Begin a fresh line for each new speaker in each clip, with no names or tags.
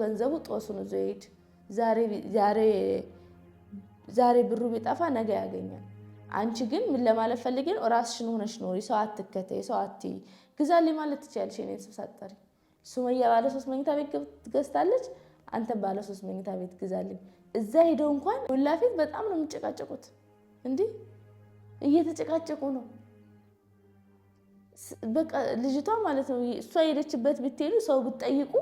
ገንዘቡ ጦሱን ነው ዘይድ ዛሬ ብሩ ቢጠፋ ነገ ያገኛል። አንቺ ግን ምን ለማለት ፈልጌ ራስሽን ሆነሽ ኖሪ፣ ሰው አትከተይ፣ ሰው አትይ። ግዛልኝ ማለት ትችያለሽ። እኔን ስብሳጠሪ ሱመያ ባለ ሶስት መኝታ ቤት ትገዝታለች፣ አንተ ባለ ሶስት መኝታ ቤት ግዛልኝ። እዛ ሄደው እንኳን ሁላፊት በጣም ነው የሚጨቃጨቁት። እንዲህ እየተጨቃጨቁ ነው በቃ ልጅቷ ማለት ነው። እሷ ሄደችበት ብትሄዱ ሰው ብትጠይቁ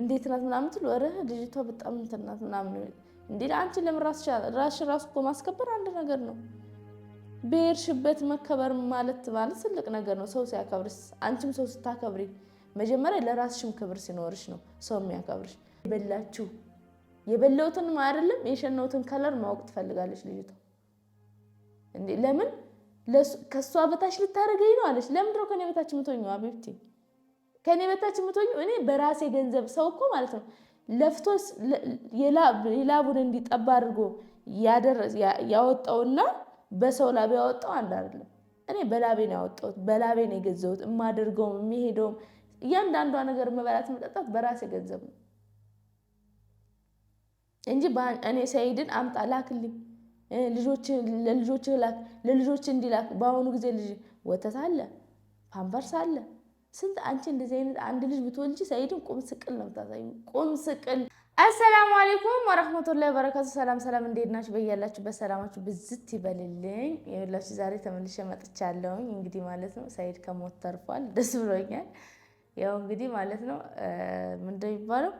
እንዴት ናት ምናምን ትሉ ኧረ ልጅቷ በጣም እንትን ናት ምናምን እንዴ አንቺ ለምን ራስሽ ራሱ እኮ ማስከበር አንድ ነገር ነው። ብሄርሽበት መከበር ማለት ማለት ትልቅ ነገር ነው። ሰው ሲያከብርስ አንቺም ሰው ስታከብሪ መጀመሪያ ለራስሽም ክብር ሲኖርሽ ነው ሰው የሚያከብርሽ። የበላችሁ የበላሁትን አይደለም የሸነውትን ከለር ማወቅ ትፈልጋለች ልጅቷ። እንዴ ለምን ከእሷ በታች ልታደርገኝ ነው አለች። ለምንድነው ከኔ በታች ምትሆኘው? አቤብቴ ከእኔ በታች የምትሆኙ እኔ በራሴ ገንዘብ ሰው እኮ ማለት ነው ለፍቶ የላቡን እንዲጠባ አድርጎ ያወጣውና በሰው ላብ ያወጣው አንድ አይደለም። እኔ በላቤን ያወጣሁት በላቤን የገዛሁት የማደርገውም የሚሄደውም እያንዳንዷ ነገር መበላት መጠጣት በራሴ ገንዘብ ነው እንጂ እኔ ሰይድን አምጣ ላክልኝ፣ ለልጆች ላክ፣ ለልጆች እንዲላክ በአሁኑ ጊዜ ልጅ ወተት አለ፣ ፓምፐርስ አለ ስንት አንቺ እንደዚህ አይነት አንድ ልጅ ብትወልጂ ሰኢድን ቁም ስቅል ነው የምታሳዩ። ቁም ስቅል። አሰላሙ አሌይኩም ወረህመቱላሂ ወበረካቱ። ሰላም ሰላም፣ እንዴት ናችሁ? በያላችሁ ሰላማችሁ ብዝት ይበልልኝ። የሁላችሁ ዛሬ ተመልሼ መጥቻለሁኝ። እንግዲህ ማለት ነው ሰኢድ ከሞት ተርፏል። ደስ ብሎኛል። ያው እንግዲህ ማለት ነው ምንድን የሚባለው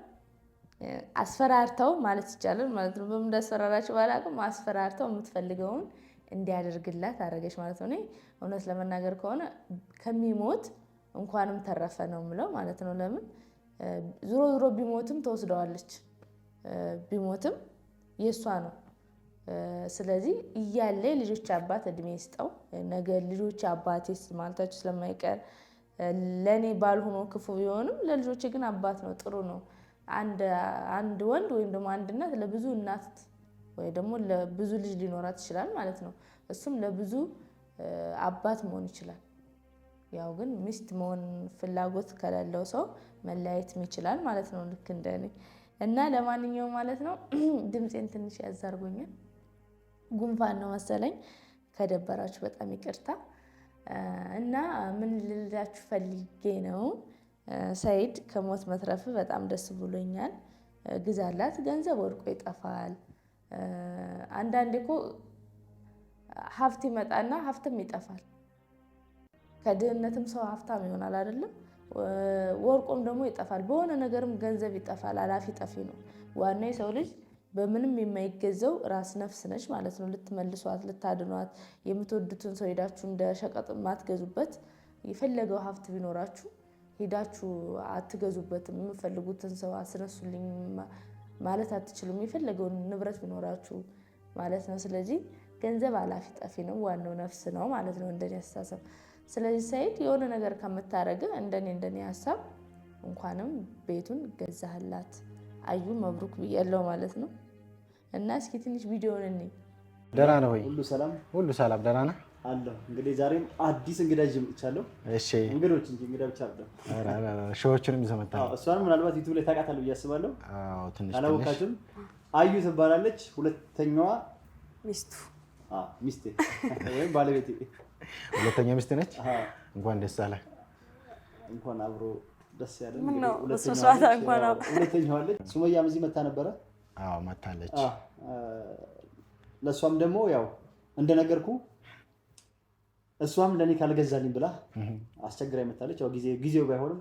አስፈራርተው ማለት ይቻላል ማለት ነው። በምን እንዳስፈራራቸው ባላውቅም አስፈራርተው የምትፈልገውን እንዲያደርግላት አደረገች ማለት ነው። እውነት ለመናገር ከሆነ ከሚሞት እንኳንም ተረፈ ነው የምለው ማለት ነው። ለምን ዝሮ ዝሮ ቢሞትም ተወስደዋለች፣ ቢሞትም የእሷ ነው። ስለዚህ እያለ ልጆች አባት እድሜ ይስጠው። ነገ ልጆች አባቴስ ማለታቸው ስለማይቀር ለእኔ ባልሆኖ ክፉ ቢሆንም ለልጆች ግን አባት ነው፣ ጥሩ ነው። አንድ ወንድ ወይም ደግሞ አንድ እናት ለብዙ እናት ወይ ደግሞ ለብዙ ልጅ ሊኖራት ይችላል ማለት ነው። እሱም ለብዙ አባት መሆን ይችላል። ያው ግን ሚስት መሆን ፍላጎት ከሌለው ሰው መለያየትም ይችላል ማለት ነው፣ ልክ እንደ እኔ እና ለማንኛውም ማለት ነው ድምፄን ትንሽ ያዛርጎኛል። ጉንፋን ነው መሰለኝ። ከደበራችሁ በጣም ይቅርታ። እና ምን ልላችሁ ፈልጌ ነው ሰይድ ከሞት መትረፍ በጣም ደስ ብሎኛል። ግዛላት፣ ገንዘብ ወድቆ ይጠፋል። አንዳንዴ እኮ ሀብት ይመጣና ሀብትም ይጠፋል። ከድህነትም ሰው ሀብታም ይሆናል አይደለም። ወርቆም ደግሞ ይጠፋል፣ በሆነ ነገርም ገንዘብ ይጠፋል። አላፊ ጠፊ ነው። ዋና የሰው ልጅ በምንም የማይገዘው ራስ ነፍስ ነች ማለት ነው። ልትመልሷት፣ ልታድኗት የምትወዱትን ሰው ሄዳችሁ እንደ ሸቀጥ ማትገዙበት የፈለገው ሀብት ቢኖራችሁ ሄዳችሁ አትገዙበትም። የምፈልጉትን ሰው አስነሱልኝ ማለት አትችሉም፣ የፈለገውን ንብረት ቢኖራችሁ ማለት ነው። ስለዚህ ገንዘብ አላፊ ጠፊ ነው፣ ዋናው ነፍስ ነው ማለት ነው እንደኔ አስተሳሰብ። ስለዚህ ሰኢድ የሆነ ነገር ከምታደረገ እንደኔ እንደኔ ሀሳብ እንኳንም ቤቱን ገዛህላት አዩ መብሩክ ብያለው ማለት ነው። እና እስኪ ትንሽ ቪዲዮውን እኔ
ደህና ነው ወይ? ሁሉ ሰላም፣ ሁሉ ሰላም፣ ደህና ነህ?
አለሁ እንግዲህ ዛሬም አዲስ እንግዳ ይዤ መጥቻለሁ። እሺ እንግዶች እንጂ እንግዳ ብቻ ሾዎችንም ይዘህ እሷንም ምናልባት ዩቱብ ላይ ታውቃታለህ ብዬ አስባለሁ።
አዎ ትንሽ አላወቃችሁም።
አዩ ትባላለች፣ ሁለተኛዋ ሚስቱ ሚስቴ ወይም ባለቤቴ
ሁለተኛ ሚስት ነች። እንኳን ደስ አለ።
እንኳን አብሮ ደስ ያለ።
ሁለተኛዋለች።
ሱመያም እዚህ መታ ነበረ?
አዎ መታለች።
ለእሷም ደግሞ ያው እንደነገርኩ እሷም ለእኔ ካልገዛልኝ ብላ አስቸግራ መታለች። ጊዜው ባይሆንም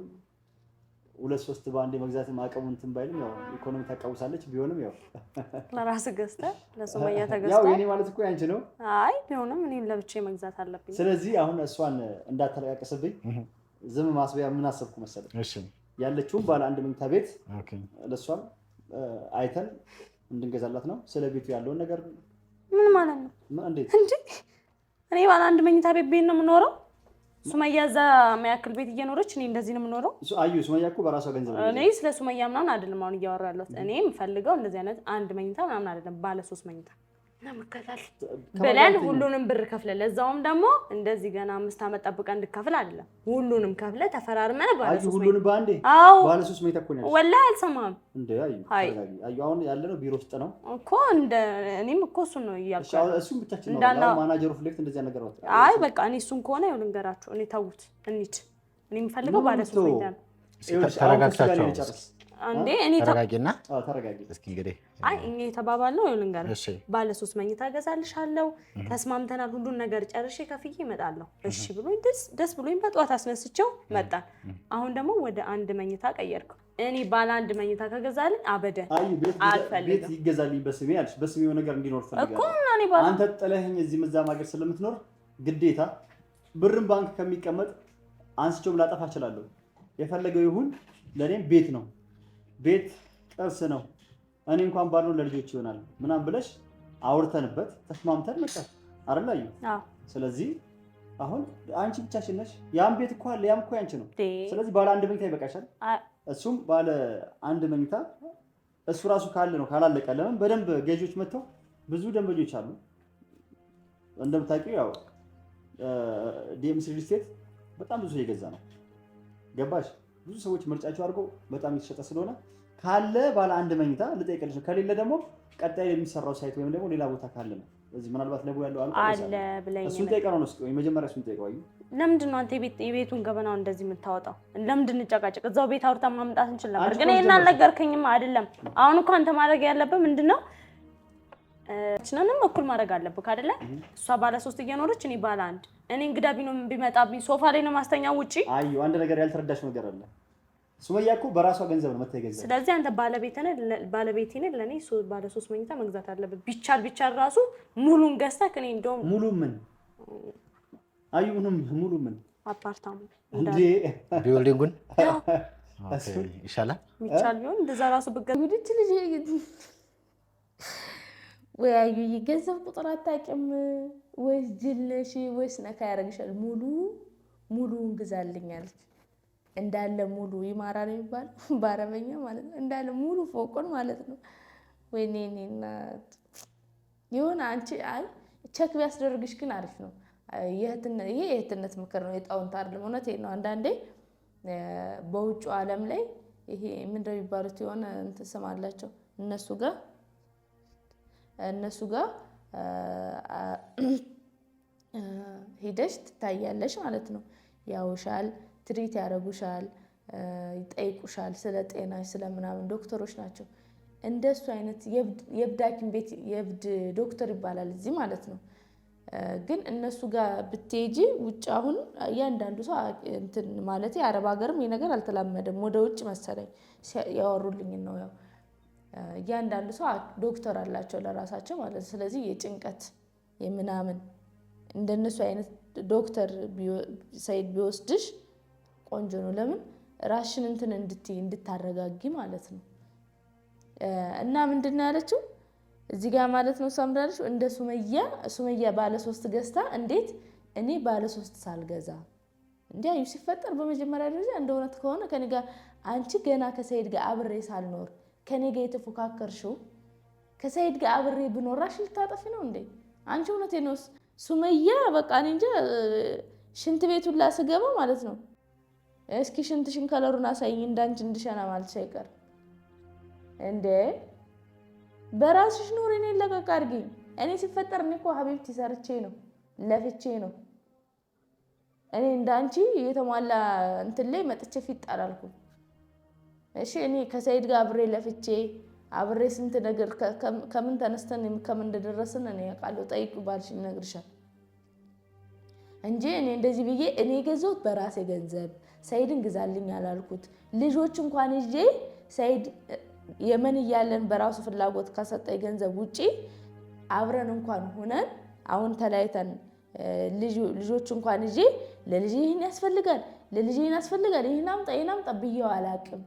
ሁለት ሶስት በአንድ መግዛት አቅሙ እንትን ባይልም ያው ኢኮኖሚ ታቃውሳለች። ቢሆንም ያው
ለራስ ገዝተ ለሱመያ ተገዝተህ
ያው ማለት እኮ ያንቺ ነው።
አይ ቢሆንም እኔም ለብቼ መግዛት አለብኝ።
ስለዚህ አሁን እሷን እንዳታለቃቀስብኝ ዝም ማስበያ ምን አሰብኩ መሰለህ? ያለችውን ባለ አንድ መኝታ ቤት ለእሷም አይተን እንድንገዛላት ነው። ስለ ቤቱ ያለውን ነገር ምን ማለት ነው? እንዴት
እንዴ? እኔ ባለ አንድ መኝታ ቤት ቤት ነው የምኖረው ሱመያ እዛ የሚያክል ቤት እየኖረች እኔ እንደዚህ ነው የምኖረው።
አዩ ሱመያ እኮ በራሷ ገንዘብ
እኔ ስለ ሱመያ ምናምን አይደለም አሁን እያወራለሁ። እኔ የምፈልገው እንደዚህ አይነት አንድ መኝታ ምናምን አይደለም፣ ባለ ሶስት መኝታ ብለን ሁሉንም ብር ከፍለ ለዛውም ደግሞ እንደዚህ ገና አምስት ዓመት ጠብቀ እንድከፍል አይደለም። ሁሉንም ከፍለ ተፈራርመ
ሁሉንም በአንዴ ባለ ሶስት ሜት እኮ ነው።
ወላሂ አልሰማህም።
አሁን ያለ ነው ቢሮ ውስጥ ነው
እኮ እንደ እኔም እኮ እሱን ነው እያልኩ
እሱም ብቻችን ነው ማናጀሩ ፍሌክት እንደዚያ ነገር ወጥ
አይ በቃ እኔ እሱን ከሆነ ይኸው ልንገራችሁ እኔ ተውት እንሂድ። እኔ የምፈልገው ባለ ሶስት ሜት
ነው።
አንዴ
እኔ ተረጋጊና፣ ተረጋጊ። እስኪ እንግዲህ
አይ እኛ የተባባልነው ልንገርህ፣ እሺ ባለ ሶስት መኝታ እገዛልሻለሁ፣ ተስማምተናል። ሁሉን ነገር ጨርሼ ከፍዬ እመጣለሁ። እሺ ብሎኝ ደስ ደስ ብሎኝ በጠዋት አስነስቼው አሁን ደግሞ ወደ አንድ መኝታ ቀየርከው። እኔ ባለ አንድ መኝታ ከገዛልኝ
አልፈልግም። ይገዛልኝ በስሜ አለች፣ በስሜው ነገር እንዲኖር
ፈልጋለሁ እኮ
አንተ ጥለኸኝ እዚህ ሀገር ስለምትኖር ግዴታ ብርን ባንክ ከሚቀመጥ አንስቼውም ላጠፋ እችላለሁ። የፈለገው ይሁን፣ ለእኔም ቤት ነው ቤት ጥርስ ነው፣ እኔ እንኳን ባልሆን ለልጆች ይሆናል ምናምን ብለሽ አውርተንበት ተስማምተን መጣት አይደል? ስለዚህ አሁን አንቺ ብቻሽን ነሽ። ያም ቤት እኮ አለ፣ ያም እኮ ያንቺ ነው። ስለዚህ ባለ አንድ መኝታ ይበቃሻል። እሱም ባለ አንድ መኝታ እሱ ራሱ ካለ ነው ካላለቀ። ለምን በደንብ ገዢዎች መጥተው ብዙ ደንበኞች አሉ። እንደምታውቂው ያው ዲኤምሲ ሪል በጣም ብዙ የገዛ ነው። ገባሽ? ብዙ ሰዎች ምርጫቸው አድርጎ በጣም የተሸጠ ስለሆነ ካለ ባለ አንድ መኝታ ልጠይቀልሽ፣ ከሌለ ደግሞ ቀጣይ የሚሰራው ሳይት ወይም ደግሞ ሌላ ቦታ ካለ ነው። እዚህ ምናልባት ለቡ ያለው አለ ብለኝ እሱን ጠይቀህ ነው እስኪ፣ ወይ መጀመሪያ እሱን ጠይቀህ።
ለምንድን ነው አንተ የቤቱን ገበናው እንደዚህ የምታወጣው? ለምንድን እንጨቃጨቅ? እዛው ቤት አውርታ ማምጣት እንችል ነበር፣ ግን ይሄን አልነገርከኝም። አይደለም አሁን እኮ አንተ ማድረግ ያለብህ ምንድን ነው ችንንም እኩል ማድረግ አለብህ አይደለ? እሷ ባለ ሶስት እየኖረች እኔ ባለ አንድ። እኔ እንግዳ ቢኖም ቢመጣብኝ ሶፋ ላይ ነው ማስተኛ ውጪ።
አዩ አንድ ነገር ያልተረዳሽ ነገር አለ። ሱመያ እኮ በራሷ ገንዘብ ነው ገንዘብ።
ስለዚህ አንተ ባለቤት ነህ፣ ባለቤቴ ነህ። ለኔ ባለ ሶስት መኝታ መግዛት አለብህ። ቢቻል ቢቻል ራሱ ሙሉን ገዝተህ እኔ እንደውም
ሙሉ ምን አዩ ምንም ሙሉ ምን አፓርታማ እንዴ
ቢውልዲንጉን ይሻላል።
ቢቻል ቢሆን እንደዛ ራሱ ብገ ልጅ ልጅ ወይ አዩዬ ገንዘብ ቁጥር አታውቂም ወይስ ጅል ነሽ ወይስ ነካ ያደርግሻል? ሙሉ ሙሉውን ግዛልኝ አለች። እንዳለ ሙሉ ይማራ ነው የሚባል በአረበኛ ማለት ነው። እንዳለ ሙሉ ፎቁን ማለት ነው። ወይኔ እኔ እናት የሆነ አንቺ አይ ቸክ ቢያስደርግሽ ግን አሪፍ ነው። ይሄ የእህትነት ምክር ነው፣ የጣውንት አይደለም። እውነት ነው። አንዳንዴ በውጭ ዓለም ላይ ይሄ ምንድን ነው የሚባሉት የሆነ እንትን ስም አላቸው እነሱ ጋር እነሱ ጋር ሂደሽ ትታያለሽ ማለት ነው። ያውሻል፣ ትሪት ያደረጉሻል፣ ይጠይቁሻል ስለ ጤና ስለ ምናምን ዶክተሮች ናቸው። እንደሱ አይነት የእብድ ሐኪም ቤት የእብድ ዶክተር ይባላል እዚህ ማለት ነው። ግን እነሱ ጋር ብትሄጂ ውጭ አሁን እያንዳንዱ ሰው እንትን ማለት የአረብ ሀገርም ይህ ነገር አልተላመደም። ወደ ውጭ መሰለኝ ያወሩልኝ ነው ያው እያንዳንዱ ሰው ዶክተር አላቸው ለራሳቸው ማለት ነው። ስለዚህ የጭንቀት የምናምን እንደነሱ አይነት ዶክተር ሰይድ ቢወስድሽ ቆንጆ ነው። ለምን ራሽን እንትን እንድት እንድታረጋጊ ማለት ነው። እና ምንድን ያለችው እዚህ ጋር ማለት ነው። ሳምዳለች እንደ ሱመያ ሱመያ ባለሶስት ገዝታ እንዴት እኔ ባለሶስት ሳልገዛ እንዲ ሲፈጠር በመጀመሪያ ደረጃ እንደ እውነት ከሆነ ከኔ ጋር አንቺ ገና ከሰይድ ጋር አብሬ ሳልኖር ከኔ ጋር የተፎካከርሽው ከሰይድ ጋር አብሬ ብኖራሽ ልታጠፊ ነው እንዴ? አንቺ እውነቴ ነውስ? ሱመያ። በቃ እኔ እንጃ ሽንት ቤቱን ላስገባ ማለት ነው። እስኪ ሽንትሽን ከለሩን አሳይኝ እንዳንቺ እንድሸና ማለት ሳይቀር እንዴ። በራስሽ ኑሪ፣ እኔን ለቀቅ አድርጊኝ። እኔ ሲፈጠር እኔ እኮ ሀቢብቲ ሰርቼ ነው ለፍቼ ነው። እኔ እንዳንቺ የተሟላ እንትን ላይ መጥቼ ፊት ጣላልኩ። እሺ እኔ ከሰይድ ጋር አብሬ ለፍቼ አብሬ ስንት ነገር ከምን ተነስተን ከምን እንደደረስን እኔ ያውቃለሁ። ጠይቅ ባልሽ ይነግርሻል እንጂ እኔ እንደዚህ ብዬ እኔ ገዛሁት በራሴ ገንዘብ ሰይድን ግዛልኝ ያላልኩት ልጆች እንኳን ይዤ ሰይድ የመን እያለን በራሱ ፍላጎት ከሰጠኝ ገንዘብ ውጪ አብረን እንኳን ሆነን አሁን ተለያይተን ልጆች እንኳን ይዤ ለልጅ ይህን ያስፈልጋል፣ ለልጅ ይህን ያስፈልጋል፣ ይህን አምጣ፣ ይህን አምጣ ብዬው አላቅም።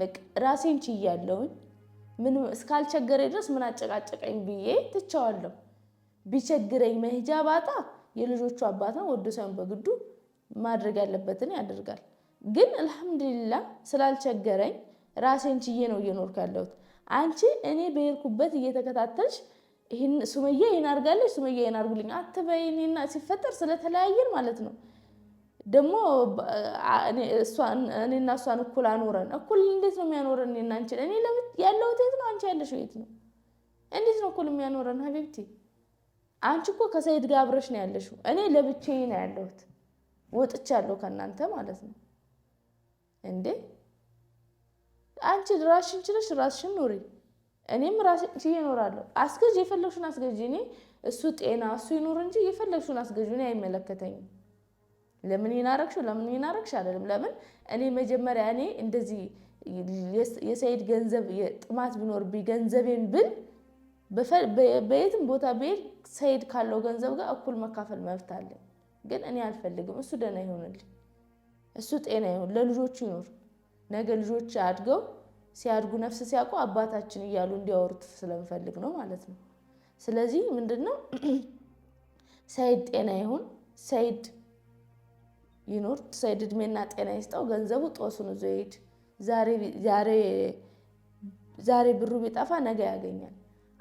በቃ ራሴን ችያለሁኝ። ምንም እስካልቸገረ ድረስ ምን አጨቃጨቀኝ ብዬ ትቸዋለሁ። ቢቸግረኝ መሄጃ ባጣ የልጆቹ አባት ነው ወዶ ሳይሆን በግዱ ማድረግ ያለበትን ያደርጋል። ግን አልሐምዱሊላ ስላልቸገረኝ ራሴን ችዬ ነው እየኖርኩ ያለሁት። አንቺ እኔ በሄድኩበት እየተከታተልሽ ሱመያ ይህን አድርጋለች ሱመያ ይናርጉልኝ አድርጉልኝ ሲፈጠር ስለተለያየን ማለት ነው ደግሞ እኔና እሷን እኩል አኖረን እኩል እንዴት ነው የሚያኖረን? እኔና አንቺን እኔ ያለሁት የት ነው? አንቺ ያለሽው የት ነው? እንዴት ነው እኩል የሚያኖረን? ሀቢብቲ አንቺ እኮ ከሰይድ ጋር አብረሽ ነው ያለሽው። እኔ ለብቻዬ ነው ያለሁት፣ ወጥቻለሁ ከእናንተ ማለት ነው። እንዴ አንቺ ራስሽን ችለሽ ራስሽን ኑሪ፣ እኔም ራስሽን ችዬ እኖራለሁ። አስገዥ የፈለግሽውን አስገዥ። እኔ እሱ ጤና እሱ ይኑር እንጂ የፈለግሽውን አስገዥ፣ እኔ አይመለከተኝም። ለምን ይናረግሽው ለምን ይናረግሽ አይደለም። ለምን እኔ መጀመሪያ እኔ እንደዚህ የሰይድ ገንዘብ ጥማት ቢኖርብኝ ገንዘቤን ብል በየትም ቦታ ብሄድ ሰይድ ካለው ገንዘብ ጋር እኩል መካፈል መብት አለኝ። ግን እኔ አልፈልግም። እሱ ደህና ይሆንልኝ፣ እሱ ጤና ይሆን፣ ለልጆቹ ይኖር። ነገ ልጆች አድገው ሲያድጉ ነፍስ ሲያውቁ አባታችን እያሉ እንዲያወሩት ስለምፈልግ ነው ማለት ነው። ስለዚህ ምንድን ነው ሰይድ ጤና ይሁን ሰይድ ይኑር ሰይድ እድሜና ጤና ይስጠው። ገንዘቡ ጦሱን ይዞ ይሄድ። ዛሬ ብሩ ቢጠፋ ነገ ያገኛል።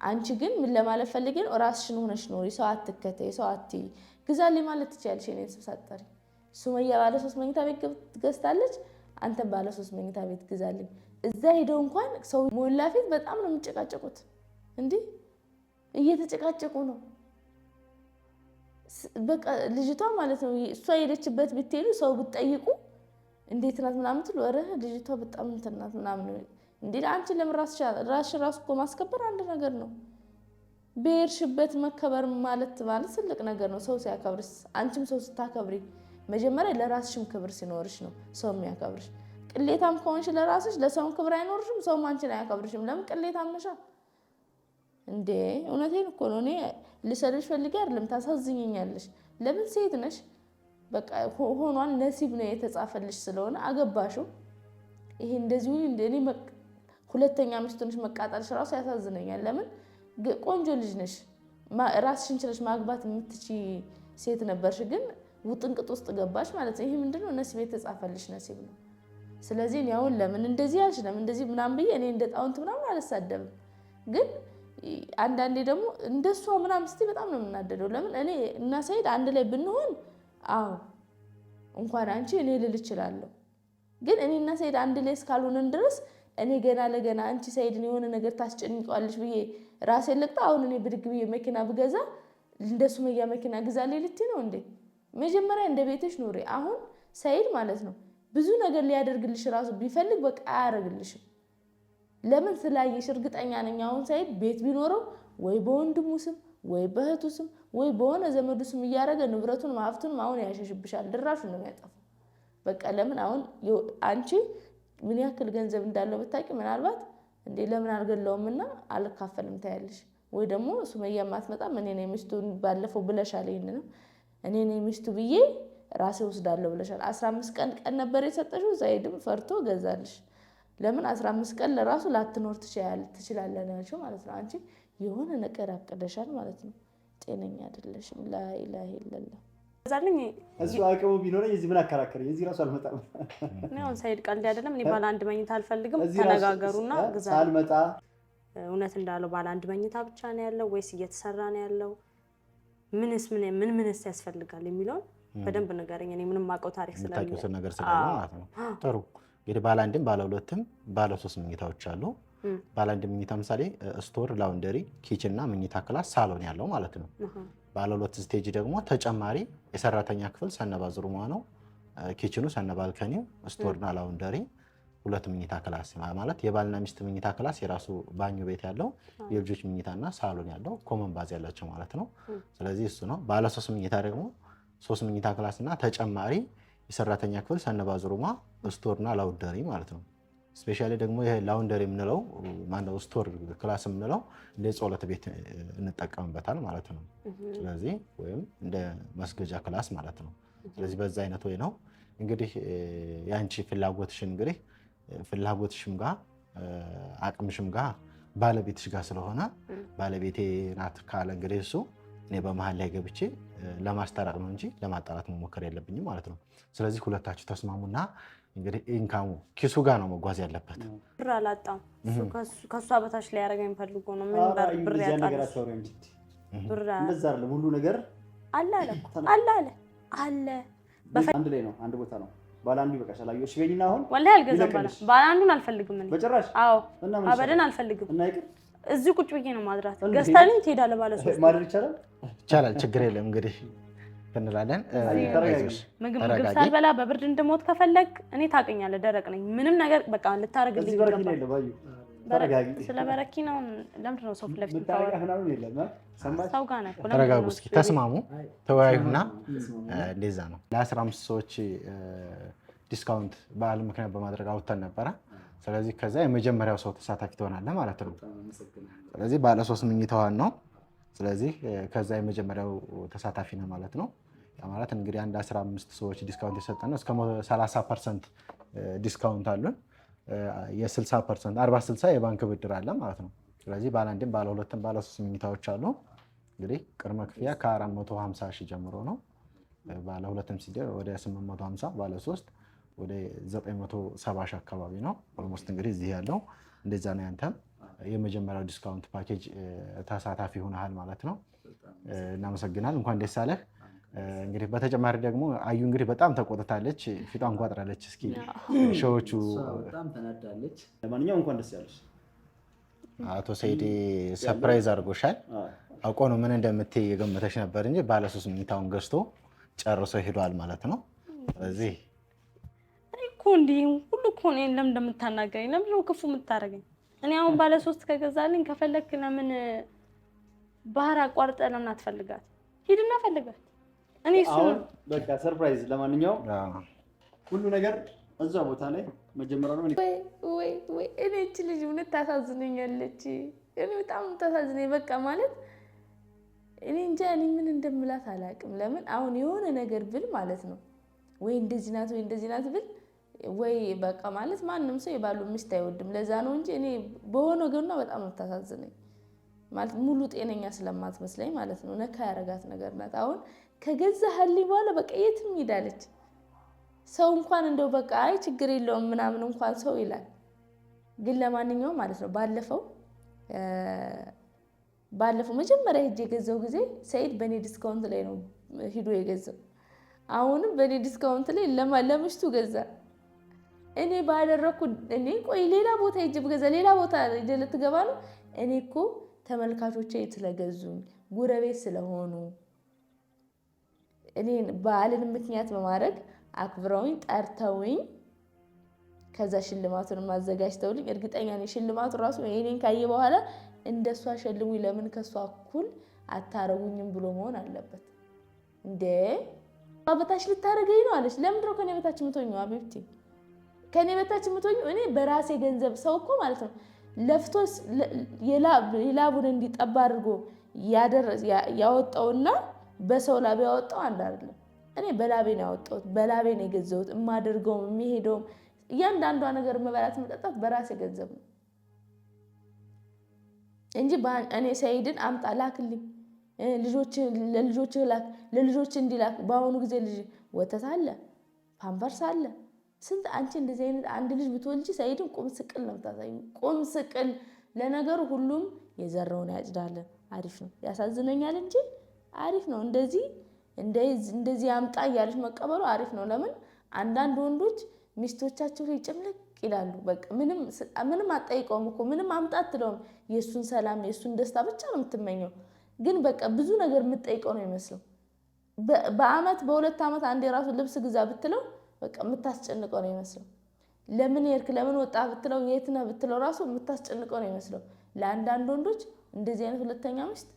አንቺ ግን ምን ለማለት ፈልጌን ራስሽን ሆነሽ ኖሪ። ሰው አትከተይ፣ ሰው አትይ። ግዛልኝ ማለት ትችያለሽ። እኔን ስብሳጠሪ ሱመያ ባለ ሶስት መኝታ ቤት ትገዝታለች። አንተ ባለ ሶስት መኝታ ቤት ግዛልኝ። እዛ ሄደው እንኳን ሰው ሞላ ፊት በጣም ነው የሚጨቃጨቁት። እንዲህ እየተጨቃጨቁ ነው በቃ ልጅቷ ማለት ነው እሷ የሄደችበት ብትሄዱ ሰው ብትጠይቁ እንዴት ናት ምናምን ወረ ልጅቷ በጣም እንትን ናት ምናምን እንዴ አንቺ ለምን ራስሽ ራሱ እኮ ማስከበር አንድ ነገር ነው። በሄድሽበት መከበር ማለት ማለት ትልቅ ነገር ነው። ሰው ሲያከብርስ አንቺም ሰው ስታከብሪ መጀመሪያ ለራስሽም ክብር ሲኖርሽ ነው ሰው የሚያከብርሽ። ቅሌታም ከሆንሽ ለራስሽ ለሰውም ክብር አይኖርሽም፣ ሰውም አንቺን አያከብርሽም። ለምን ቅሌታም ነሻ እንዴ እውነቴን እኮ ነው። እኔ ልሰልሽ ፈልጌ አይደለም፣ ታሳዝኝኛለሽ። ለምን ሴት ነሽ፣ በቃ ሆኗን ነሲብ ነው የተጻፈልሽ ስለሆነ አገባሽው። ይሄ እንደዚሁ እኔ ሁለተኛ ሚስት ሆነሽ መቃጠልሽ ራሱ ያሳዝነኛል። ለምን ቆንጆ ልጅ ነሽ፣ ራስሽን ችለሽ ማግባት የምትች ሴት ነበርሽ፣ ግን ውጥንቅጥ ውስጥ ገባሽ ማለት ነው። ይሄ ምንድነው? ነሲብ የተጻፈልሽ ነሲብ ነው። ስለዚህ እኔ አሁን ለምን እንደዚህ ያልሽ ለምን እንደዚህ ምናምን ብዬ እኔ እንደ ጣውንት ምናምን አልሳደብም ግን አንዳንዴ ደግሞ እንደሷ ምናምን ስትይ በጣም ነው የምናደደው። ለምን እኔ እና ሰይድ አንድ ላይ ብንሆን አዎ እንኳን አንቺ እኔ ልል እችላለሁ። ግን እኔ እና ሰይድ አንድ ላይ እስካልሆንን ድረስ እኔ ገና ለገና አንቺ ሰይድን የሆነ ነገር ታስጨንቀዋለች ብዬ ራሴ ልቅጣ። አሁን እኔ ብድግ ብዬ መኪና ብገዛ እንደ ሱመያ መኪና ግዛ ልትይ ነው እንዴ? መጀመሪያ እንደ ቤትሽ ኑሪ። አሁን ሰይድ ማለት ነው ብዙ ነገር ሊያደርግልሽ ራሱ ቢፈልግ በቃ አያደርግልሽም። ለምን ስላየሽ እርግጠኛ ነኝ። አሁን ሳይድ ቤት ቢኖረው ወይ በወንድሙ ስም ወይ በእህቱ ስም ወይ በሆነ ዘመዱ ስም እያደረገ ንብረቱን ሀብቱንም አሁን ያሸሽብሻል። ድራሹ ነው የሚያጠፋው። በቃ ለምን አሁን አንቺ ምን ያክል ገንዘብ እንዳለው ብታቂ ምናልባት እንዴ ለምን አልገለውም እና አልካፈልም ታያለሽ። ወይ ደግሞ ሱመያ ማትመጣም እኔ ነኝ ሚስቱ ባለፈው ብለሻል። ይህን ነው እኔ ነኝ ሚስቱ ብዬ ራሴ ወስዳለሁ ብለሻል። አስራ አምስት ቀን ቀን ነበር የሰጠሽው። ዛይድም ፈርቶ ገዛልሽ። ለምን 15 ቀን ለራሱ ላትኖር ትችላለህ ነው ያልሽው ማለት ነው። አንቺ የሆነ ነገር አቅደሻል ማለት ነው። ጤነኛ አይደለሽም። ላይላ ለላ
እሱ አቅሙ ቢኖረኝ እዚህ ምን አከራከረኝ? እዚህ ራሱ አልመጣም።
አሁን ሳይድ ቀልድ አይደለም። እኔ ባለ አንድ መኝታ አልፈልግም። ተነጋገሩና ግዛ ሳልመጣ እውነት እንዳለው ባለ አንድ መኝታ ብቻ ነው ያለው ወይስ እየተሰራ ነው ያለው? ምንስ ምን ምን ምንስ ያስፈልጋል የሚለውን በደንብ ንገረኝ። እኔ ምንም አውቀው ታሪክ
ስለሌለ ነገር ስለሌለ ጥሩ እንግዲህ ባለ አንድም ባለ ሁለትም ባለ ሶስት መኝታዎች አሉ። ባለ አንድ መኝታ ምሳሌ ስቶር፣ ላውንደሪ፣ ኪችን እና መኝታ ክላስ ሳሎን ያለው ማለት ነው። ባለ ሁለት ስቴጅ ደግሞ ተጨማሪ የሰራተኛ ክፍል ሰነባዝሩ ሩም ነው። ኪችኑ ሰነባልከኒው፣ ስቶርና ላውንደሪ ሁለት ምኝታ ክላስ ማለት የባልና ሚስት ምኝታ ክላስ የራሱ ባኞ ቤት ያለው የልጆች መኝታና ሳሎን ያለው ኮመን ባዝ ያላቸው ማለት ነው። ስለዚህ እሱ ነው። ባለ ሶስት ምኝታ ደግሞ ሶስት ምኝታ ክላስ እና ተጨማሪ የሰራተኛ ክፍል ሰነባዝሩማ ስቶርና ላውንደሪ ማለት ነው። ስፔሻሊ ደግሞ ይሄ ላውንደሪ የምንለው ማነው ስቶር ክላስ የምንለው እንደ ጸሎት ቤት እንጠቀምበታል ማለት ነው። ስለዚህ ወይም እንደ መስገጃ ክላስ ማለት ነው። ስለዚህ በዛ አይነት ወይ ነው እንግዲህ የአንቺ ፍላጎትሽን እንግዲህ ፍላጎትሽም ጋር አቅምሽም ጋር ባለቤትሽ ጋር ስለሆነ ባለቤቴ ናት ካለ እንግዲህ እሱ እኔ በመሀል ላይ ገብቼ ለማስተራር ነው እንጂ ለማጣራት መሞከር የለብኝም ማለት ነው። ስለዚህ ሁለታችሁ ተስማሙና እንግዲህ ኢንካሙ ኪሱ ጋር ነው መጓዝ ያለበት።
ብር አላጣም። ከእሷ በታች ላይ ያደረገኝ ፈልጎ ነው። ምን
ብር ያጣል? ሁሉ ነገር
አለ አለ አለ አለ
አንድ ላይ ነው፣ አንድ ቦታ ነው። ባለ አንዱ ይበቃሻል። አየሁሽ፣ በይኝና አሁን
ወላሂ አልገዛም። ባለ አንዱን አልፈልግም እኔ በጭራሽ። አዎ አበደን አልፈልግም እና ይቅር እዚህ ቁጭ ብዬ ነው ማድራት። ገዝተን ትሄዳለህ። ባለ ሶስት
ማድረግ ይቻላል፣ ይቻላል። ችግር የለም እንግዲህ እንላለን።
ምግብ ምግብ ሳልበላ በብርድ እንድሞት ከፈለግ እኔ ታውቀኛለህ፣ ደረቅ ነኝ። ምንም ነገር በቃ ልታረግልኝ ስለ በረኪ ነው። ለምንድን ነው ሰው ፊት
ተረጋጉ እስኪ ተስማሙ፣ ተወያዩና እንደዛ ነው። ለአስራ አምስት ሰዎች ዲስካውንት በዓል ምክንያት በማድረግ አውጥተን ነበረ ስለዚህ ከዛ የመጀመሪያው ሰው ተሳታፊ ትሆናለህ ማለት ነው። ስለዚህ ባለ ሶስት ምኝታዋን ነው። ስለዚህ ከዛ የመጀመሪያው ተሳታፊ ነው ማለት ነው። ማለት እንግዲህ አንድ 15 ሰዎች ዲስካውንት የሰጠነው ነው። እስከ 30 ፐርሰንት ዲስካውንት አሉን። የ60 ፐርሰንት 40 60 የባንክ ብድር አለ ማለት ነው። ስለዚህ ባለ አንድም ባለ ሁለትም ባለ ሶስት ምኝታዎች አሉ። እንግዲህ ቅድመ ክፍያ ከ450 ሺህ ጀምሮ ነው። ባለ ሁለትም ሲደር ወደ 850 ባለ ሶስት ወደ 970 ሺህ አካባቢ ነው። ኦልሞስት እንግዲህ እዚህ ያለው እንደዛ ነው። ያንተም የመጀመሪያው ዲስካውንት ፓኬጅ ተሳታፊ ሆነሃል ማለት ነው። እናመሰግናል። እንኳን ደስ አለህ። እንግዲህ በተጨማሪ ደግሞ አዩ እንግዲህ በጣም ተቆጥታለች፣ ፊቷን ቋጥራለች። እስኪ ሾዎቹ በጣም ተናዳለች። ለማንኛውም እንኳን ደስ ያለች። አቶ ሰይዴ ሰፕራይዝ አድርጎሻል። አውቆ ነው ምን እንደምትይ የገመተች ነበር እንጂ ባለሶስት ምኝታውን ገዝቶ ጨርሶ ሄዷል ማለት ነው። ስለዚህ
እንዲህ ሁሉ እኮ እኔን ለምን እንደምታናገረኝ ለምን ነው ክፉ የምታደርገኝ? እኔ አሁን ባለ ሶስት ከገዛልኝ ከፈለክ ለምን ባህር አቋርጠ ለምን አትፈልጋት? ሂድና ፈልጋት።
እኔ እሱ በቃ ሰርፕራይዝ። ለማንኛውም ሁሉ ነገር እዛ ቦታ ላይ መጀመሪያ ነው።
ወይ ወይ ወይ እኔ እቺ ልጅ ምን ታሳዝነኛለች። እኔ በጣም ታሳዝነኝ። በቃ ማለት እኔ እንጃ እኔ ምን እንደምላት አላውቅም። ለምን አሁን የሆነ ነገር ብል ማለት ነው ወይ እንደዚህ ናት ወይ እንደዚህ ናት ብል ወይ በቃ ማለት ማንም ሰው የባሉ ሚስት አይወድም። ለዛ ነው እንጂ እኔ በሆነ ወገኗ በጣም ነው የምታሳዝነኝ። ማለት ሙሉ ጤነኛ ስለማትመስለኝ ማለት ነው። ነካ ያረጋት ነገር ናት። አሁን ከገዛ ህሊ በኋላ በቃ የትም ሄዳለች። ሰው እንኳን እንደው በቃ አይ ችግር የለውም ምናምን እንኳን ሰው ይላል። ግን ለማንኛውም ማለት ነው ባለፈው ባለፈው መጀመሪያ ሄጅ የገዛው ጊዜ ሰይድ በእኔ ዲስካውንት ላይ ነው ሂዶ የገዛው። አሁንም በእኔ ዲስካውንት ላይ ለምሽቱ ገዛ እኔ ባደረግኩ እኔ ቆይ ሌላ ቦታ ሂጅ ብገዛ ሌላ ቦታ ልትገባ ነው። እኔ እኮ ተመልካቾቼ ስለገዙኝ ጉረቤት ስለሆኑ እኔን በዓልን ምክንያት በማድረግ አክብረውኝ ጠርተውኝ ከዛ ሽልማቱን ማዘጋጅተውልኝ እርግጠኛ ነኝ ሽልማቱ ራሱ እኔን ካየ በኋላ እንደሷ ሸልሙኝ ለምን ከሷ እኩል አታረጉኝም ብሎ መሆን አለበት እንዴ። በታች ልታደርገኝ ነው አለች። ለምንድን ነው ከኔ በታች የምትሆኚው? አቤብቴ ከእኔ በታች የምትሆኝ እኔ በራሴ ገንዘብ ሰው እኮ ማለት ነው ለፍቶ የላቡን እንዲጠባ አድርጎ ያወጣውና በሰው ላብ ያወጣው አንድ አይደለም። እኔ በላቤ ነው ያወጣሁት፣ በላቤ ነው የገዛሁት። የማደርገውም የሚሄደውም እያንዳንዷ ነገር መበላት፣ መጠጣት በራሴ ገንዘብ ነው እንጂ እኔ ሰይድን አምጣ ላክልኝ፣ ለልጆችህ ላክ፣ ለልጆች እንዲላክ። በአሁኑ ጊዜ ልጅ ወተት አለ፣ ፓምፐርስ አለ ስንት አንቺ እንደዚህ አይነት አንድ ልጅ ብትወልጂ ሰኢድን ቁም ስቅል ነው የምታሳዩ። ቁም ስቅል ለነገሩ ሁሉም የዘራውን ያጭዳለን። አሪፍ ነው። ያሳዝነኛል እንጂ አሪፍ ነው። እንደዚህ እንደዚህ አምጣ እያለች መቀበሉ አሪፍ ነው። ለምን አንዳንድ ወንዶች ሚስቶቻቸው ላይ ጭምልቅ ይላሉ። በቃ ምንም አጠይቀውም እኮ ምንም አምጣ አትለውም። የእሱን ሰላም የእሱን ደስታ ብቻ ነው የምትመኘው። ግን በቃ ብዙ ነገር የምትጠይቀው ነው ይመስለው። በአመት በሁለት ዓመት አንድ የራሱን ልብስ ግዛ ብትለው በቃ የምታስጨንቀው ነው ይመስለው። ለምን የርክ ለምን ወጣ ብትለው የት ነህ ብትለው ራሱ የምታስጨንቀው ነው ይመስለው። ለአንዳንድ ወንዶች እንደዚህ አይነት ሁለተኛ ሚስት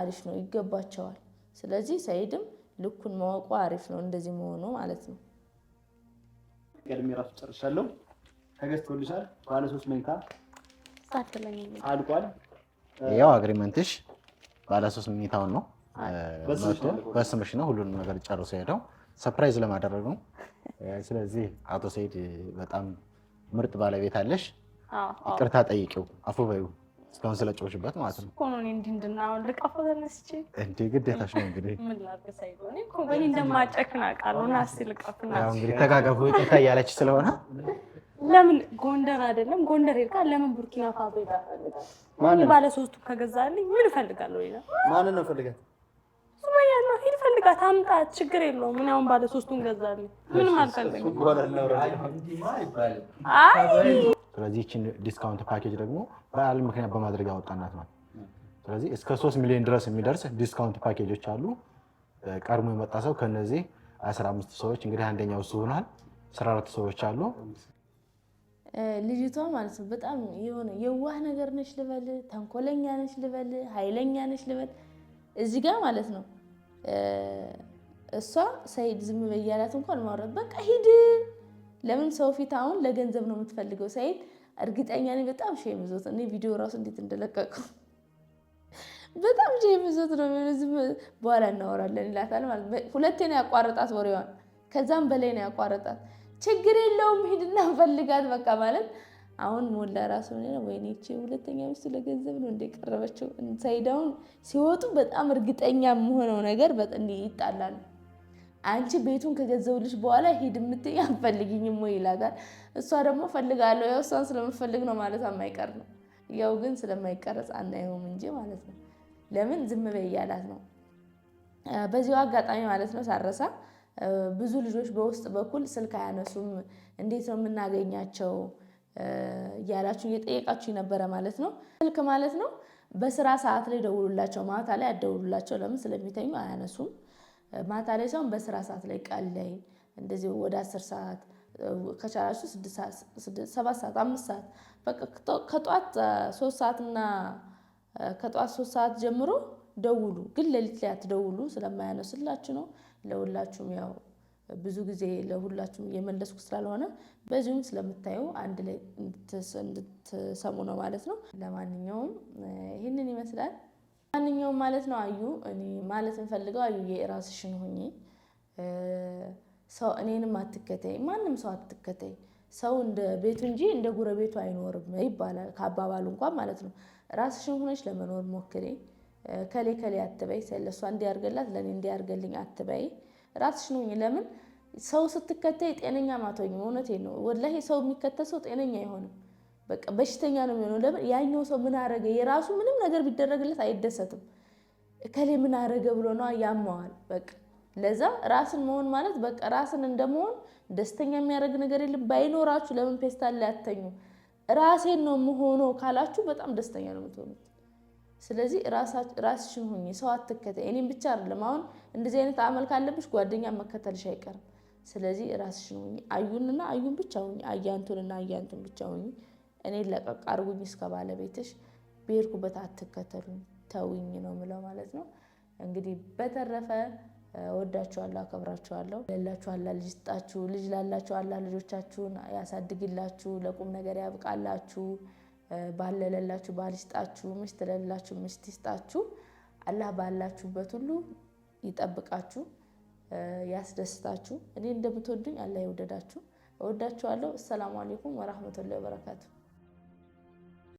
አሪፍ ነው፣ ይገባቸዋል። ስለዚህ ሰይድም ልኩን ማወቁ አሪፍ ነው፣ እንደዚህ መሆኑ ማለት ነው።
ቀድሜ ራሱ ጨርሻለሁ። ተገዝቶልሻል። ባለ ሶስት መኝታ አልቋል። ያው አግሪመንትሽ ባለ ሶስት መኝታውን ነው በስምሽ ነው። ሁሉንም ነገር ጨርሶ ሄደው ሰፕራይዝ ለማደረግ ነው። ስለዚህ አቶ ሰይድ በጣም ምርጥ ባለቤት አለሽ። ይቅርታ ጠይቂው፣ አፉ በይው እስካሁን ስለጮሽበት ማለት ነው እንዴ ግዴታሽ ነው እንግዲህ
ምን ልቀፍና
እንግዲህ ተጋጋፉ ይቅርታ እያለች ስለሆነ
ለምን ጎንደር አይደለም ጎንደር ሄድካ ለምን ቡርኪና ፋሶ ይባላል? ባለ ሶስቱ ከገዛልኝ ምን እፈልጋለሁ? ሌላ
ማንን ነው እፈልጋለሁ
ፈልጋት አምጣት፣ ችግር የለውም። ምን አሁን ባለ ሶስቱን ገዛልኝ፣ ምንም አልፈልግም።
ስለዚህ ዲስካውንት ፓኬጅ ደግሞ በዓል ምክንያት በማድረግ ያወጣናት ነው። ስለዚህ እስከ ሶስት ሚሊዮን ድረስ የሚደርስ ዲስካውንት ፓኬጆች አሉ። ቀድሞ የመጣ ሰው ከነዚህ 15 ሰዎች እንግዲህ አንደኛው እሱ ሆኗል። 14 ሰዎች አሉ።
ልጅቷ ማለት ነው በጣም የሆነ የዋህ ነገር ነች ልበል፣ ተንኮለኛ ነች ልበል፣ ኃይለኛ ነች ልበል እዚህ ጋር ማለት ነው እሷ ሰኢድ ዝም በይ እያላት እንኳን ማውራት በቃ ሂድ። ለምን ሰው ፊት አሁን ለገንዘብ ነው የምትፈልገው። ሰኢድ እርግጠኛ ነኝ በጣም ሼም ዞት። እኔ ቪዲዮ ራሱ እንዴት እንደለቀቀው በጣም ሼም ዞት ነው። ዝም በኋላ እናወራለን ይላታል ማለት ሁለቴ ነው ያቋረጣት ወሬዋን፣ ከዛም በላይ ነው ያቋረጣት። ችግር የለውም ሂድና ፈልጋት በቃ ማለት አሁን ሞላ ራሱ ወይኔ ይቺ ሁለተኛ ሚስቱ ለገንዘብ ነው እንደ ሳይዳውን ሲወጡ በጣም እርግጠኛ የምሆነው ነገር ይጣላል አንቺ ቤቱን ከገዘውልሽ በኋላ ሂድ የምትይኝ አንፈልግኝም ወይ ይላታል። እሷ ደግሞ ፈልጋለሁ፣ ያው እሷን ስለምፈልግ ነው ማለት የማይቀር ነው። ያው ግን ስለማይቀረጽ አናየውም እንጂ ማለት ነው። ለምን ዝም በይ እያላት ነው። በዚሁ አጋጣሚ ማለት ነው ሳረሳ ብዙ ልጆች በውስጥ በኩል ስልክ አያነሱም። እንዴት ነው የምናገኛቸው እያላችሁ እየጠየቃችሁ የነበረ ማለት ነው። ስልክ ማለት ነው። በስራ ሰዓት ላይ ደውሉላቸው። ማታ ላይ አደውሉላቸው። ለምን? ስለሚተኙ አያነሱም። ማታ ላይ ሳይሆን በስራ ሰዓት ላይ፣ ቀን ላይ እንደዚህ ወደ አስር ሰዓት ከቻላችሁ ሰባት ሰዓት አምስት ሰዓት ከጠዋት ሶስት ሰዓትና ከጠዋት ሶስት ሰዓት ጀምሮ ደውሉ። ግን ሌሊት ላይ አትደውሉ። ስለማያነሱላችሁ ነው። ለሁላችሁም ያው ብዙ ጊዜ ለሁላችሁም እየመለስኩ ስላልሆነ በዚሁም ስለምታዩ አንድ ላይ እንድትሰሙ ነው ማለት ነው። ለማንኛውም ይህንን ይመስላል። ማንኛውም ማለት ነው አዩ እኔ ማለት እንፈልገው አዩ የራስሽን ሁኚ። ሰው እኔንም አትከተይ፣ ማንም ሰው አትከተይ። ሰው እንደ ቤቱ እንጂ እንደ ጎረቤቱ አይኖርም ይባላል ከአባባሉ እንኳን ማለት ነው። ራስሽን ሆነች ለመኖር ሞክሬ ከሌ ከሌ አትበይ። ለእሷ እንዲያርገላት ለእኔ እንዲያርገልኝ አትበይ። ራስሽን ሁኚ። ለምን ሰው ስትከተይ ጤነኛ ማቶኝ እውነት ነው። ወላሂ ሰው የሚከተል ሰው ጤነኛ አይሆንም። በቃ በሽተኛ ነው የሚሆነው። ለምን ያኛው ሰው ምን አረገ? የራሱ ምንም ነገር ቢደረግለት አይደሰትም። እከሌ ምን አረገ ብሎ ነው ያማዋል። በቃ ለዛ ራስን መሆን ማለት በቃ ራስን እንደመሆን ደስተኛ የሚያደርግ ነገር የለም። ባይኖራችሁ ለምን ፔስታል ላይ አተኙ? ራሴን ነው መሆኖ ካላችሁ በጣም ደስተኛ ነው የምትሆኑት። ስለዚህ ራስሽን ሁኚ፣ ሰው አትከተይ። እኔም ብቻ አይደለም አሁን እንደዚህ አይነት አመል ካለብሽ ጓደኛ መከተልሽ አይቀርም። ስለዚህ ራስሽን ሁኝ፣ አዩንና አዩን ብቻ ሁኝ፣ አያንቱንና አያንቱን ብቻ ሁኝ። እኔ ለቀቅ አርጉኝ እስከ ባለቤትሽ፣ ብሄድኩበት አትከተሉኝ፣ ተውኝ ነው ምለው ማለት ነው። እንግዲህ በተረፈ ወዳችኋለሁ፣ አከብራችኋለሁ። ለላችኋላ ልጅ ስጣችሁ፣ ልጅ ላላችኋላ ልጆቻችሁን ያሳድግላችሁ፣ ለቁም ነገር ያብቃላችሁ። ባል ባል ይስጣችሁ፣ ሚስት ለላችሁ ሚስት ይስጣችሁ። አላህ ባላችሁበት ሁሉ ይጠብቃችሁ፣ ያስደስታችሁ። እኔ እንደምትወዱኝ አላህ ይወደዳችሁ እወዳችኋለሁ። አሰላሙ አሌይኩም ወራህመቱላሂ ወበረካቱ።